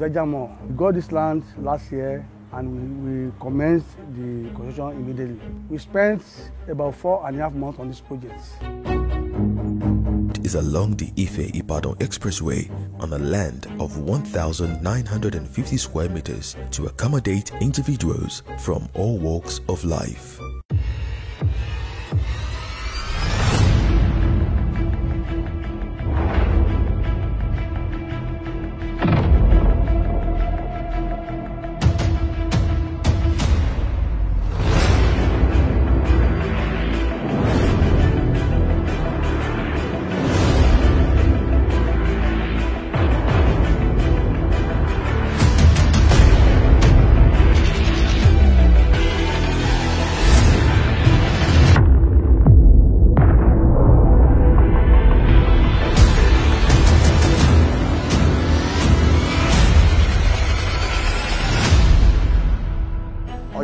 We got this land last year and we, we commenced the construction immediately. We spent about four and a half months on this project. It is along the Ife Ibadan Expressway on a land of 1,950 square meters to accommodate individuals from all walks of life.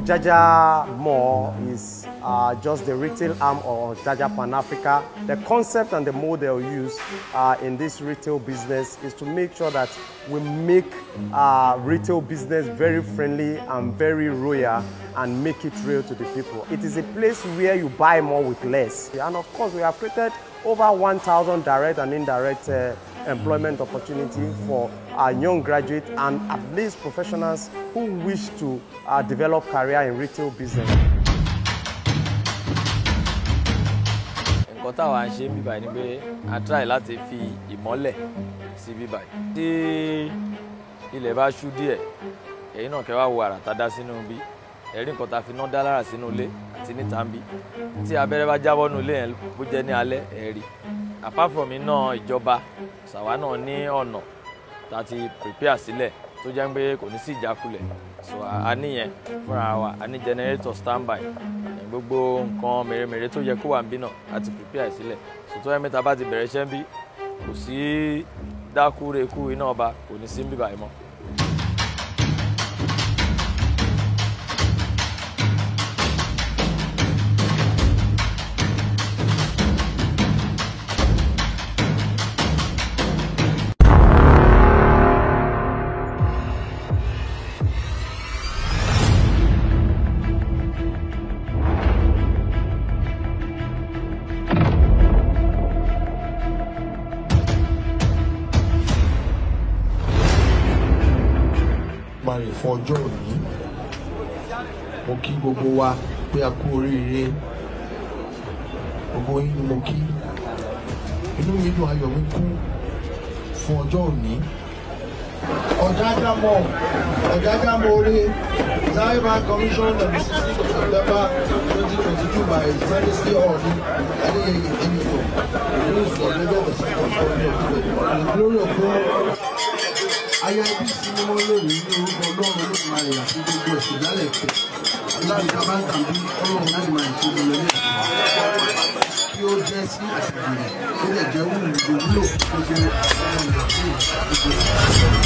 Jaja Mall is uh, just the retail arm of Jaja Pan Africa. The concept and the model used uh, in this retail business is to make sure that we make uh, retail business very friendly and very royal and make it real to the people. It is a place where you buy more with less. And of course, we have created over 1,000 direct and indirect uh, employment opportunity for our young graduates and at least professionals who wish to uh, develop career in retail business. nǹkan táwa ń ṣe ń bíbáyìí ni pé a try láti fi ìmọ́lẹ̀ sí bíbáyìí. tí ilẹ̀ bá ṣú díẹ̀ ẹ̀yin náà kẹ́ wá wo àrà tá a dá sínú bí ẹ̀rí nǹkan tá a fi ná dá lára sínú ilé àti níta bí tí abẹ́rẹ́ bá jábọ́ nínú ilé yẹn bó jẹ́ ní alẹ́ ẹ̀rí apart from iná ìjọba ṣàwa náà ní ọ̀nà tá a ti prepare sílẹ̀ tó jẹ́ pé kò ní sí ìjákulẹ̀ so a níyẹn fúnra wa a ní generator standby gbogbo nǹkan mèremère tó yẹ kó wà ń bí náà a ti prepare sílẹ̀ so tó yẹ mẹ́ta bá ti bẹ̀rẹ̀ iṣẹ́ ń bí kò sí dákúrekú iná ọba kò ní sí ń bíbà yìí mọ́. parí fún ọjọ́ òní mo kí gbogbo wa pé a kú oríire gbogbo yín ni mo kí inú mi dùn ayọ̀ mi kú fún ọjọ́ òní. Ọ̀gájámọ̀ Ọ̀gájámọ̀ Ore Naiba Commission on the sixteenth of September twenty twenty two by His Majesty Ọọ̀ni Adéyẹyẹ Ẹnìtàn, the news for Lagos for the glory of God aya ibi tí wọ́n lè rí ní orúkọ ọlọ́run ló máa rìn àti gbogbo ẹ̀sìn ìdálẹ̀ ẹ̀fẹ̀ láti bá ń tàbí ọlọ́run láti máa ṣe ìlú ẹ̀lẹ́ kí ó jẹ́ sí àtìgbèrè ó lè jẹ́ wúlò ìgbòwúlò tó jẹ́ ọmọ ìgbòho.